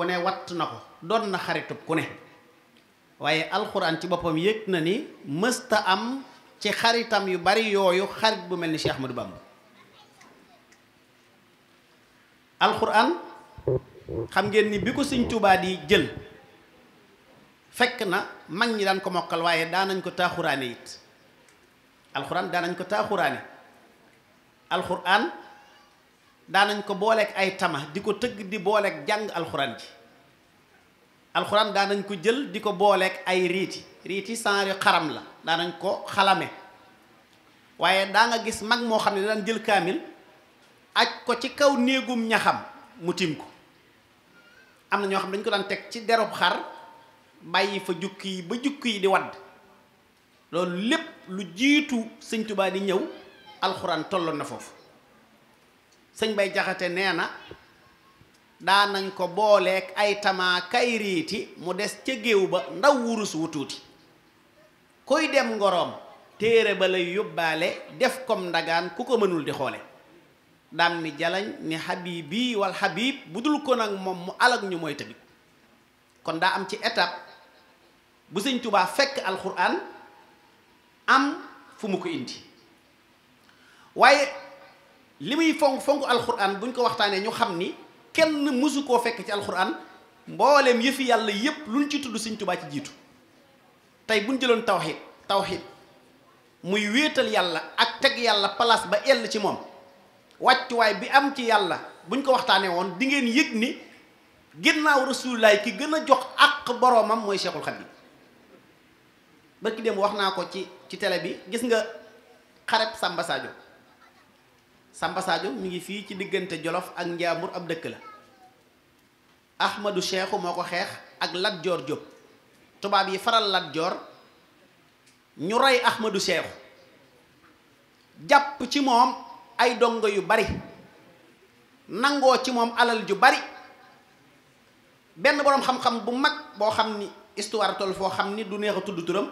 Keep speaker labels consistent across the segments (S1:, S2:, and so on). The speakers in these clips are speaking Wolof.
S1: ku ne watt na ko doon na xaritub ku ne waaye alxuraan ci boppam yëg na ni mësta am ci xaritam yu bari yooyu xarit bu mel ni Cheikh Ahmadou Bamba alxuraan xam ngeen ni bi ko siñ Tuubaa di jël fekk na mag ñi daan ko mokkal waaye daanañ ko taaxuraane it alxuraan daanañ ko taaxuraane alxuraan daanañ ko booleek ay tama di ko tëgg di booleek jàng alxuraan ji alxuraan daanañ ko jël di ko booleek ay riiti riiti sanri xaram la daanañ ko xalame waaye daa gis mag moo xam ne daan jël kaamil ak ko ci kaw néegum ñaxam mu tim ko am na ñoo xam dañ ko daan teg ci derub xar bàyyi fa jukki yi ba jukki di wadd loolu lépp lu jiitu sëñtubaa di ñëw alxuraan tolloon na foofu sëñ bay jaxate nee na daanañ ko booleek ay tamaa kay riiti mu des ca géew ba ndaw wurus wu tuuti kuy dem ngoroom téere ba lay yóbbaale def kom ndagaan ku ko mënul di xoole daam ni jalañ ni habibi wal habib bu dul kon nag moom mu alag ñu mooy tamit kon daa am ci étape bu sëñ tubaa fekk alxuraan am fu mu ko indi waaye li muy fonk fonk alxuraan buñ ko waxtaanee ñu xam ni kenn mësu koo fekk ci alxuraan mbooleem yëfi yàlla yépp luñ ci tudd Sëñ Tuubaa ci jiitu tey buñ jëloon tawxiid tawxiid muy wéetal yàlla ak teg yàlla place ba ell ci moom wàccuwaay bi am ci yàlla buñ ko waxtaanee woon di ngeen yëg ni ginnaaw rasulilaay ki gën a jox ak boroomam mooy Cheikhul Khadim barki dem wax naa ko ci ci télé bi gis nga xareb Samba Sadio Samba Sadio mi ngi fi ci digënté Jolof ak Njaambur ab dëkk la Ahmadou Cheikh moko xex ak Lat Joor Diop Toba bi faral Lat Joor ñu ray Ahmadou Cheikh japp ci mom ay dongo yu bari nango ci mom alal ju bari ben borom xam-xam bu mag bo xamni dunia histoire tol fo xamni du neex tuddu turam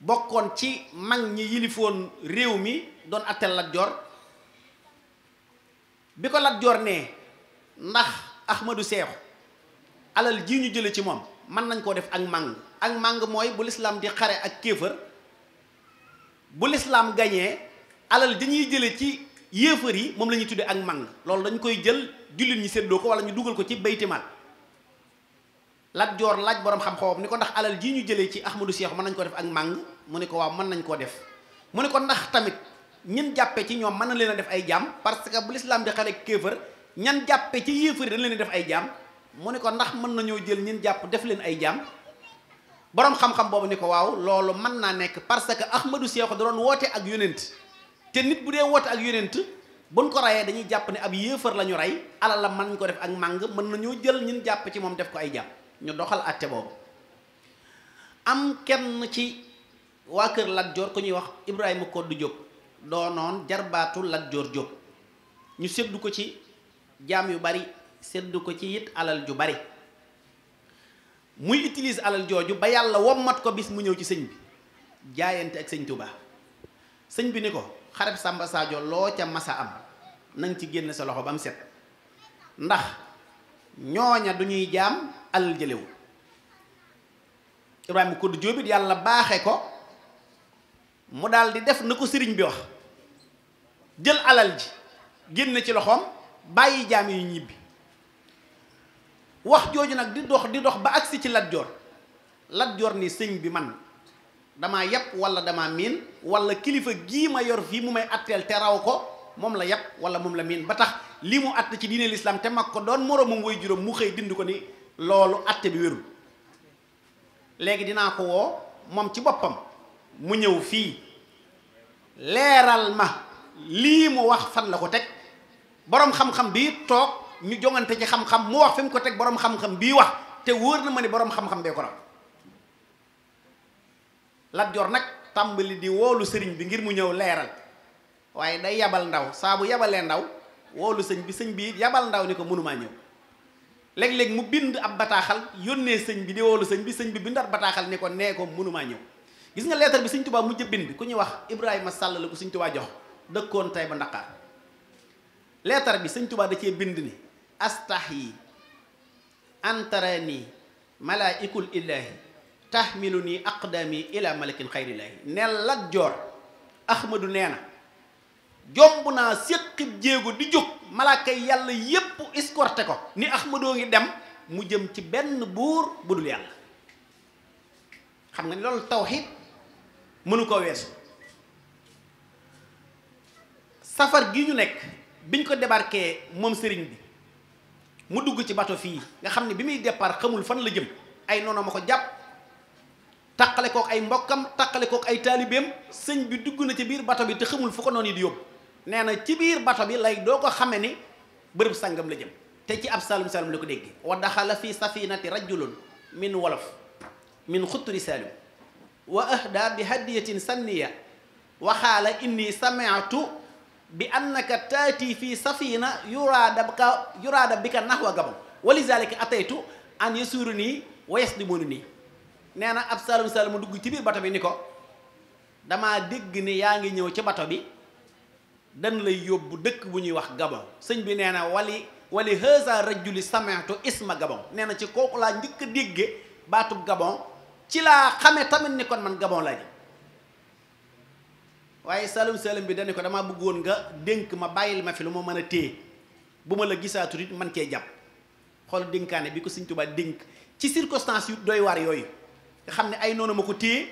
S1: bokkon ci mag ñi yilifoon mi Lat biko ko Lat Joor ndax Ahmadou cheikh alal ji ñu jële ci mom man nañ ko def ak mang, ak mang moy bu l'islam di xare ak kefeur bu l'islam gagné alal dañuy jële ci yéefar yi mom lañuy tuddé ak mang loolu dañ koy jël julit ñi seddo ko wala ñu duggal ko ci baytimal Lat jor laaj borom xam-xamam niko ndax alal ji ñu jëlee ci Ahmadou cheikh man nañ ko def ak mang, mu ne ko waaw nañ ko def mu ne ndax tamit ñin jappé ci ñom man na leen def ay jam parce que bu l'islam di xalé kéfer ñan jappé ci yéfer dañ leen def ay jam mu ne ko ndax man nañu jël ñin japp def leen ay jam borom xam-xam bobu ni ko waaw loolu man na nek parce que ahmadu seexu da doon woote ak yonent té nit bu dé woote ak yonent buñ ko rayé dañuy japp ni ab yéfer lañu ray ala la man ko def ak mang man nañu jël ñin japp ci mom def ko ay jam ñu doxal atté bobu am kenn ci wa kër lak jor ko ñuy wax Ibrahima Koddu donon jarbaatu Lat Joor jorjo ñu seddu ko ci jam yu bari seddu ko ci yit alal ju bari muy utilise alal joju ba yalla wommat ko bis mu ñew ci señ bi jaayante ak señ Tuubaa señ bi niko xarab samba ca masa am nang ci genn sa loxo bam set ndax ñoña du ñuy jaam alal ibrahim ko du jobit yalla baxé ko mu daldi di def nako serigne bi wax djel alal ji genn ci loxom bayyi jami yu ñibbi wax joju nak di dox di dox ba aksi ci Lat jor Lat jor ni serigne bi man dama yàpp wala dama min wala kilifa gi ma yor fi mu may atel te raw ko mom la yàpp wala mom la min ba tax limu mu att ci diine l'islam te mak ko moro way mu xey dindu ko ni lolu atte bi wérul legi dina ko wo mom ci bopam mu ñew fi leeral ma li mu wax fan la ko tek borom xam-xam bi tok ñu jongante ci xam-xam mu wax fim ko tek borom xam-xam bi wax te woor na ma ni borom xam-xam be ko raw la jor nak tambali di wolu serign bi ngir mu ñew leral waye day yabal ndaw sa bu yabalee ndaw wolu serign bi serign bi yabal ndaw ni ko ma ñew mu bind ab bataxal yonne serign bi di wolu serign bi serign bi bind ab ni ko ne ko ma ñew gis nga lettre bi seigne touba mu bind ku ñuy wax ibrahima sàll la ko sëñ tubaa jox dëkkoon tay ba ndakaar lettre bi seigne touba da cey bind ni astahi antarani malaikul ilahi, tahmiluni aqdami ila malikin xayrillaahi ne lat joor ahmadu nee jombuna jomb jeego di juk yalla yep escorté ko ni ahmadu ngi dem mu jëm ci ben bour budul yalla xam nga ni mënu ko weesu safar gi ñu nekk biñ ko débarqué moom sëriñ bi mu dugg ci bato fii nga xam ne bi muy départ xamul fan la jëm ay noonu ma ko jàpp taqale kook ay mbokkam taqale kook ay taalibeem sëñ bi dugg na ci biir bato bi te xamul fu ko noonu yi di yóbbu nee ci biir bato bi lay doo ko xame ni bërëb sangam la jëm te ci ab saalum saalum la ko déggee wa daxala fi safinati rajulun min wolof min xutturi saalum wa ahda bi hadiyatin sanniya waxaala inni sami'tu bi annaka taati fi safina yuraada bika yuraada bika nahwa gabon wa lizalika ataytu an yasuru nii wa yasdimuni nii nee na ab salum salum mu dugg ci biir bato bi ni ko dama dégg ne yaa ngi ñëw ci bato bi dan lay yóbbu dëkk bu ñuy wax gabon sëñ bi nee na wali wali haza rajuli sami'tu isma gabon nee na ci kooku laa njëkk a dégge baatub gabon ci laa xamee tamit ni kon man gabon laa waaye salum salum bi dañu ko damaa bëgg woon nga dénk ma bàyyil ma fi lu ma mën a téye bu ma la gisaatu it man cee jàpp xool dénkaane bi ko Sëñ Tuubaa dénk ci circonstance yu doy waar yooyu nga xam ne ay noonu ma ko téye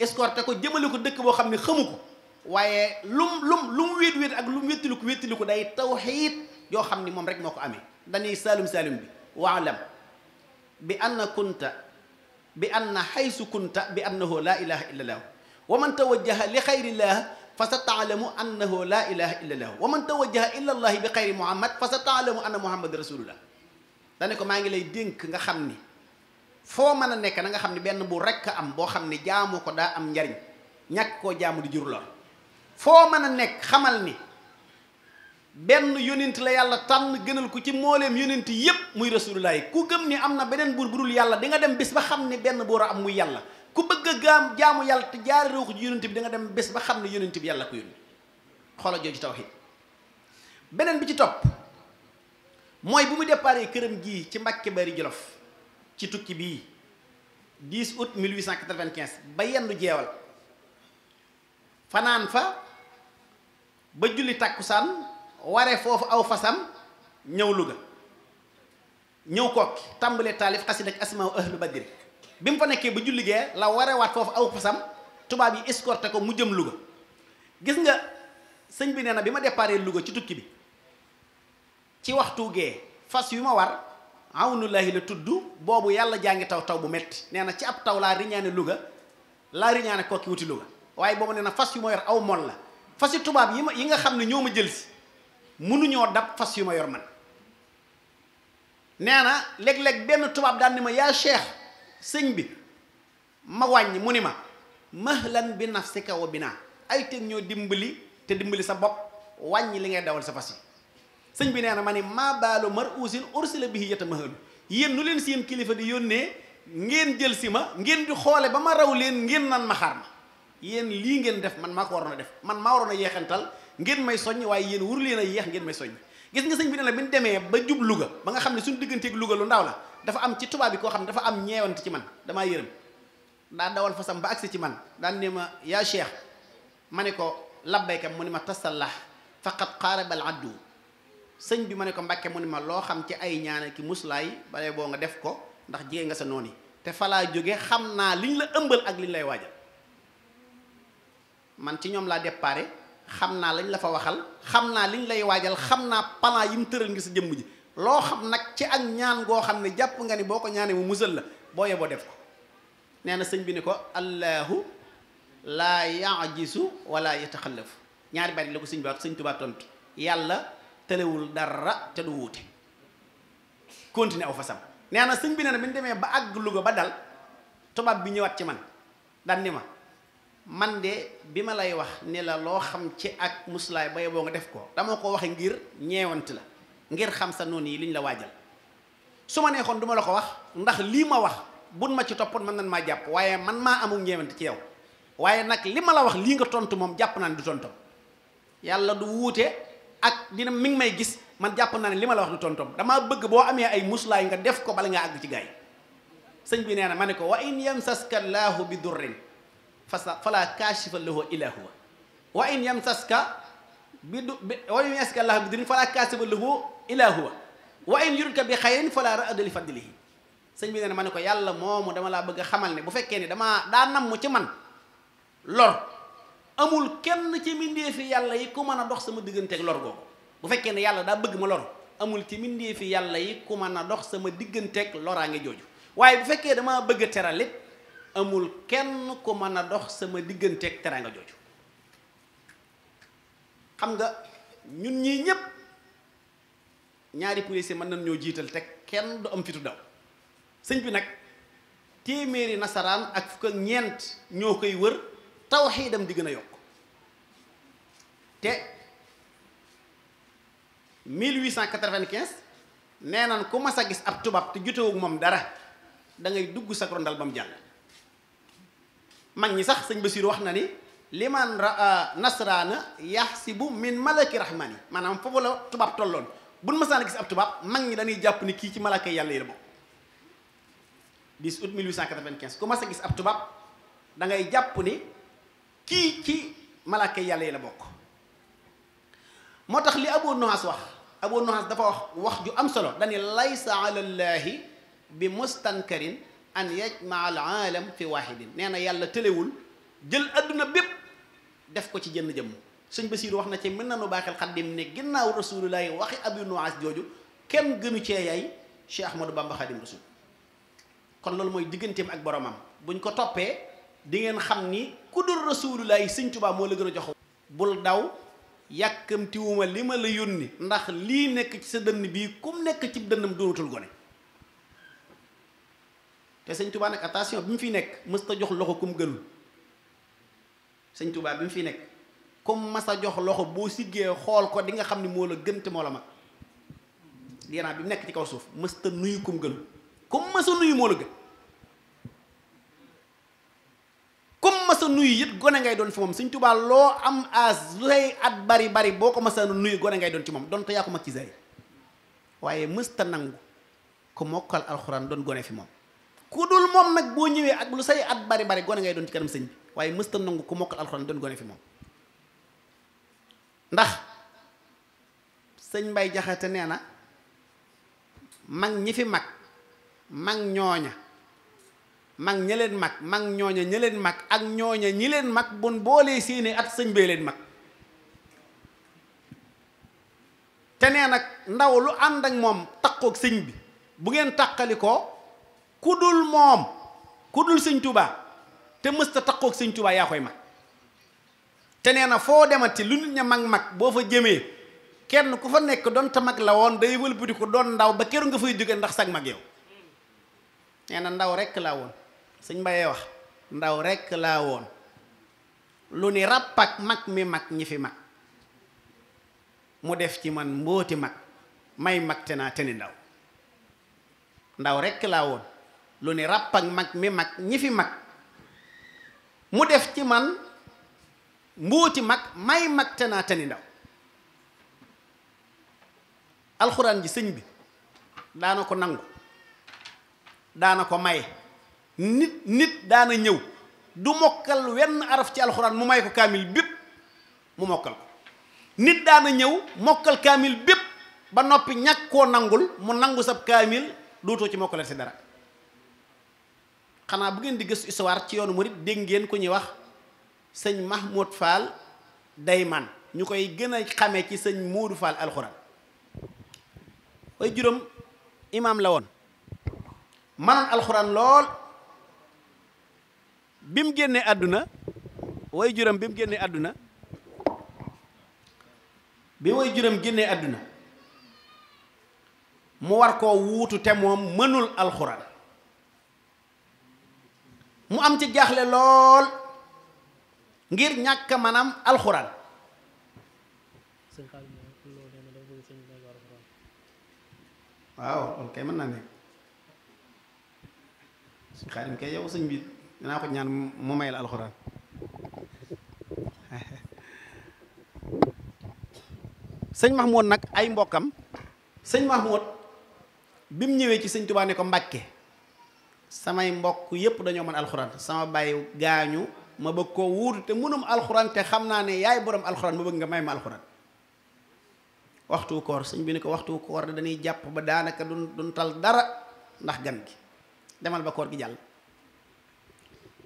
S1: escorté ko jëmale ko dëkk boo xam ne xamu ko waaye lum lum lu mu wéet wéet ak lu mu wéttili ko wéttili ko day tawxiid yoo xam ni moom rek moo ko amee dañuy salum salum bi waalam bi na kunta بأن حيث كنت بأنه لا إله إلا الله ومن توجه لخير الله فستعلم أنه لا إله إلا الله ومن توجه إلى الله بخير محمد فستعلم أن محمد رسول الله دانيكو ماغي لاي دينك nga xamni fo meuna nek nga xamni ben bu rek am bo xamni jaamu ko da am njariñ ñak ko jaamu di benn yonent la yàlla tànn gënal ko ci mbooleem yonent yépp muy rasulullahi ku gëm ni am na beneen buur bu dul yàlla di dem bés ba xam ne benn buur am muy yàlla ku bëgg gaam jaamu yàlla te jaari réew ko ci yonent bi di nga dem bés ba xam ne yonent bi yàlla ko yónni xoola jooju tawhid beneen bi ci topp mooy bu mu déparé këram gii ci Mbàkke Bari Jolof ci tukki bi bii 10 vingt 1895 ba yendu jeewal fanaan fa ba julli tàkkusaan ware foofu aw fasam ñëw Louga ñëw kokki tàmbalee taalif xasida ak asmaa ahlu badri bi mu fa nekkee ba julli gee la warewaat foofu aw fasam tubaab yi escorté ko mu jëm luga gis nga sëñ bi nee na bi ma déparé Louga ci tukki bi ci waxtu gee fas yu ma war awnullahi la tudd boobu yàlla jaa ngi taw taw bu metti nee na ci ab taw laa riñaane Louga laa riñaane kokki wuti Louga waaye boobu nee na fas yu ma yor aw mol la fas yu tubaab yi ma yi nga xam ne ñoo ma jël si mënuñoo dab fas yu ma yor man nee na léeg benn tubaab daan ni ma yaa cheikh sëñ bi ma wàññi mu ni ma mahlan bi nafsika wa binaa ay teen ñoo dimbali te dimbali sa bopp wàññi li ngay dawal sa fas yi sëñ bi nee na ma ni maa baalu mar uusin ursila bihi yata mahalu yéen nu leen si seen kilifa di yónnee ngeen jël si ma ngeen di xoole ba ma raw leen ngeen nan ma xaar ma yéen lii ngeen def man maa ko waroon a def man maa waroon a yeexantal ngeen may soñ waaye yeen wuru leena yeex ngeen may soñ gis nga señ bi ne la bi ñu ba djub luga ba nga xam ne digënté ak luga lu ndaw la dafa am ci tuba bi ko xam dafa am ñewante ci man dama yërem da dawal sam ba aksi ci man daan ne ya yaa cheikh ma ko labbay kam munima ma tasallah faqad qaraba al addu señ bi mané ko mbàkke munima lo ma xam ci ay ñaana ki muslay balé bo nga def ko ndax jige nga sa noni té te falaa xamna liñ la ëmbël ak liñ lay wajal man ci ñom la déparé xam naa lañ la fa waxal xam naa liñ lay waajal xam naa plan yi mu tëral ngi sa jëmm ji loo xam nag ci ak ñaan goo xam ne jàpp nga ni boo ko ñaanee mu musal la boo yeboo def ko nee na sëñ bi ni ko allahu laa yajisu wala yataxallafu ñaari bari la ko sëñ bi wax sëñ Tuubaa tontu yàlla tëlewul dara te du wuute continuer aw fasam nee na sëñ bi nee na bi ñu demee ba àgg luga ba dal tubaab bi ñëwaat ci man daan ma man de bi ma lay wax ne la loo xam ci ak muslaay bay boo nga def ko dama ko waxe ngir ñeewant la ngir xam sa noonu yi li ñu la waajal su ma neexoon du ma la ko wax ndax lii ma wax buñ ma ci toppoon mën nañ maa jàpp waaye man maa amul ñeewant ci yow waaye nag li ma la wax lii nga tontu moom jàpp naa ne du tontom yàlla du wuute ak dina mi ngi may gis man jàpp naa ne li ma la wax du tontom damaa bëgg boo amee ay musulaay nga def ko bala ngaa àgg ci gaay sëñ bi nee na ma ne ko wa in yamsaska llaahu bi durrin fasa fala kaashifa lahu illa huwa wa in yamsaska bi du wa in yamsaska llahu bi durin fala kaashifa lahu illa wa in yuridka bi xayrin fala raadda li fadlihi sëñ bi nee na ma ne ko yàlla moomu dama laa bëgg a xamal ne bu fekkee ne damaa daa nam mu ci man lor amul kenn ci fi yàlla yi ku mën a dox sama digganteeg lor googu bu fekkee ne yàlla daa bëgg ma lor amul ci mbindeefi yàlla yi ku mën a dox sama digganteeg loraange jooju waaye bu fekkee damaa bëgg a teralit amul kenn ku mana dox sama digganteeg teraanga jooju xam nga ñun ñi ñëpp ñaari police mën nañ ñoo jiital te kenn du am fitu daw señ bi nak téeméeri nasaran ak fuk ak ñent ñoo koy wër tawhidam di gëna yok té te 1895 nenañ ku ma sa gis ab tubab te jutewuk mom dara da ngay dugg sa rondal bam jall mag ñi sax sëñ Basiir wax na ni liman raa nasraana yaxsibu min malaki rahmani maanaam foofu la tubaab tolloon buñ masaan a gis ab tubaab mag ñi dañuy jàpp ni kii ci malaka yàlla yi la bokk 10 août 1895 ku mas gis ab ngay jàpp kii ci malaka yàlla yi la moo tax li Abu Nuhas wax Abu Nuhas dafa wax wax ju am solo dañu laysa ala llaahi bi mustankarin أن يجمع العالم في واحد نانا يالا تليول جيل ادنا بيب داف كو سي جن جم سيغ بسير واخنا سي من نانو باخال خادم ني غيناو رسول الله واخي ابي نواس جوجو كين غنو سي ياي شيخ احمد بامبا خادم رسول كون لول موي ديغنتيم اك بروامام بون كو توبي دي نين خامني كودور رسول الله سيغ توبا مو لا غنو بول داو ياكمتي ووما لما لا يوني لي نيك سي بي كوم نيك سي دنم دوروتول غوني te sëñ Touba nag attention bi mu fi nekk mës jox loxo kum gënul sëñ Touba bi mu fi nekk comme mas a jox loxo boo siggee xool ko di nga xam ni moo la gën te bi nekk ci kaw suuf mës nuyu kum gënul comme mas a nuyu moo nuyu it gone ngay doon fi moom loo am as lu say at bari bari boo ko mas a nuyu gone ngay doon ci moom donte yaa ko mag ci say waaye mësta ta nangu ko mokkal alxuraan doon gone fi moom ku dul moom nag boo ñëwee ak lu say at bari bari gone ngay doon ci kanam sëñ bi waaye mësta nangu ku mokkal alxuraan doon gone fi moom ndax sëñ Mbay Jaxate nee na mag ñi fi mag mag ñooña mag ña leen mag mag ñooña ña leen mag ak ñooña ñi leen mag bun boolee seeni at sëñ bee leen mag te nee nag ndaw lu ànd ak moom takkook sëñ bi bu ngeen takkali ko ku dul moom ku dul sëñ tubaa te mësta takkook sëñ tubaa yaa koy mag te nee na foo demati lu nit ña mag-mag boo fa jëmee kenn ku fa nekk doon ta mag la woon day wëlbati ko doon ndaw ba keru nga fay jóge ndax sag mag yow nee ndaw rekk laa woon sëñ Mbaye wax ndaw rekk laa woon lu ni ràpp ak mag mi mag ñi fi mag mu def ci man mbóoti mag may mag te naa te ni ndaw ndaw rekk laa woon lu ne ràpp ak mag mi mag ñi fi mag mu def ci man mbuuti mag may mag te naa tani ndaw alxuraan ji sëñ bi daana ko nangu daana ko maye nit nit daana ñëw du mokkal wenn araf ci alxuraan mu may ko kaamil bépp mu mokkal ko nit daana ñëw mokkal kaamil bépp ba noppi ñàkk koo nangul mu nangu sab kaamil dootoo ci mokkale si dara xanaa bu ngeen di gëstu histoire ci yoonu murit dégg ngeen ku ñuy wax sëñ Mahmoud day man ñu koy gën a ci sëñ muuru Fall alxuraan way juróom imaam la woon manoon alxuraan lool bi mu génnee àdduna way juróom bi mu àdduna bi way juróom génnee àdduna mu war koo wuutu te moom mënul alxuraan mu am ci jaaxle lool ngir ñàkk maanaam alxuraan waaw loolu kay mën na nekk suñ kay yow sëñ bi dinaa ko ñaan mu may la alxuraan sëñ Mahmoud nag ay mbokkam sëñ Mahmoud bi mu ñëwee ci sëñ Tuubaa ne ko Mbàkke samay mbokk yépp dañoo mën alxuraan sama baay gaañu ma bëgg koo wuutu te mënum alxuraan te xam naa ne yaay boroom alxuraan ma bëgg nga may ma alxuraan waxtu koor sëñ bi ne ko waxtu koor de dañuy jàpp ba daanaka duñ duñ tal dara ndax gan gi demal ba koor gi jàll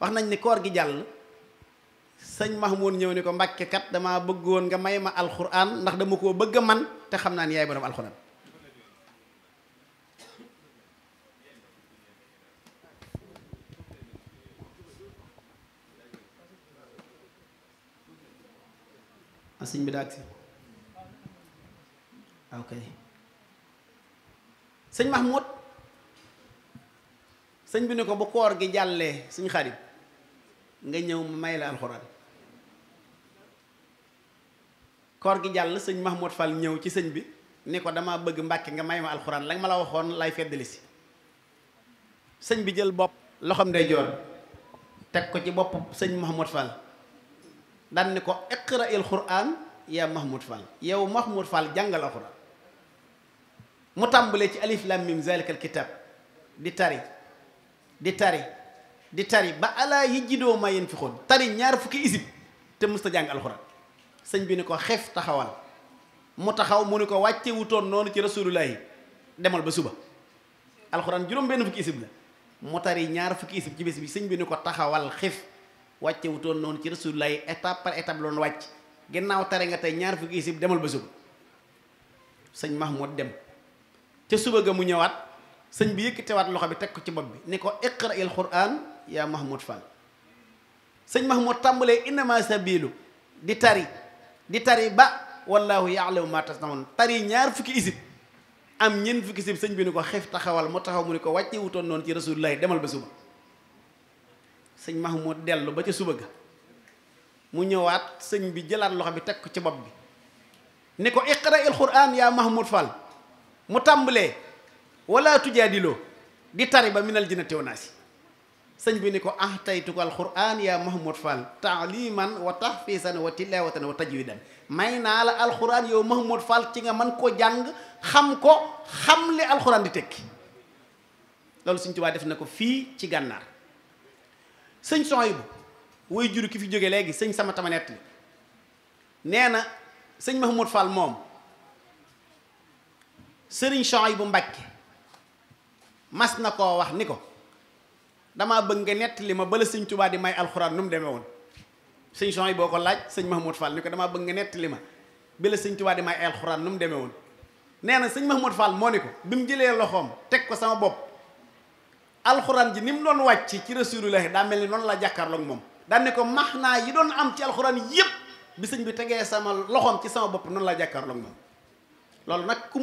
S1: wax nañ ni koor gi jàll sëñ Mahmoud ñëw ni ko mbàkke kat bëgg woon nga may ma alxuraan ndax dama koo bëgg man te xam naa ne yaay borom alxuraan sëñ bi daag si ah, ok sëñ Mahmoud sëñ bi ne ko bu koor gi jàllee suñ xarit nga ñëw may la alxuraan koor gi jàll sëñ Mahmoud fal ñëw ci sëñ bi ni ko dama bëgg mbàkke nga may ma alxuraan la ma la waxoon lay feddali si sëñ bi jël bopp loxoom day joon teg ko ci bopp sëñ Mahmoud Fall dan ni ko iqra al quran ya mahmud fall yow mahmud fall jàngal al qur'an mu tàmbalee ci alif lam mim zalika al kitab di tari di tari di tari ba ala yi jidoo ma yéen fi xoon tari ñaar fukki isib te musta jàng al qur'an sëñ bi ne ko xef taxawal mu taxaw mu ne ko wàcce wuton non ci rasulullah demal ba suba al qur'an juróom ben fukki isib la mu tari ñaar fukki isib ci bés bi sëñ bi ne ko taxawal xef wàcce wutoon noonu ci rasulullah lay étape par étape loonu wàcc ginnaaw tare nga tey ñaar fukki isib demal ba suba sëñ Mahmoud dem ca suba ga mu ñëwaat sëñ bi yëkkatewaat loxo bi teg ko ci bopp bi ni ko iqra il quran yaa Mahmoud Fall sëñ Mahmoud tàmbalee innama sabilu di tari di tari ba wallahu yaalamu ma tasnaun tari ñaar fukki isib am ñeent fukki isib sëñ bi ni ko xef taxawal mu taxaw mu ni ko wàcce wutoon noonu ci rasulullah lay demal ba suba sëñ Mahmoud delu ba ci suba ga mu ñewat sëñ bi jëlat loxo bi tek ko ci bop bi ne ko iqra quran ya Mahmoud Fall mu tàmbalee wala tujadilo di tari ba minal jinati wa naasi sëñ bi ni ko ahtaytuka al quran yaa Mahmoud Fall taaliman wa tahfisan wa tilawatan wa tajwidan may naa la alquran yow Mahmoud Fall ci nga man ko jang xam ko xam li alquran di tekki lalu Sëñ Tuubaa def na ko ci sëñ yi bu way juru ki fi jóge léegi sëñ sama tama nett li nee na sëñ Mahmoud Fall moom sëriñ bu Mbàkke mas na koo wax ni ko damaa bëgg nga nett li ma bala sëñ Tuubaa di may alxuraan nu mu demee woon sëñ laaj sëñ Mahmoud Fall ni ko damaa bëgg nga nett li ma bala sëñ Tuubaa may alxuraan nu mu demee nee na sëñ Mahmoud Fall moo ni ko bi mu jëlee loxoom teg ko sama bopp alxuraan ji ni mu doon wàcc ci rasulullahi daa mel ni noonu la jàkkaarloog moom daan ne ko max naa yi doon am ci alxuraan yépp bi sëñ bi tegee sama loxoom ci sama bopp noonu la jàkkaarloog moom loolu nag ku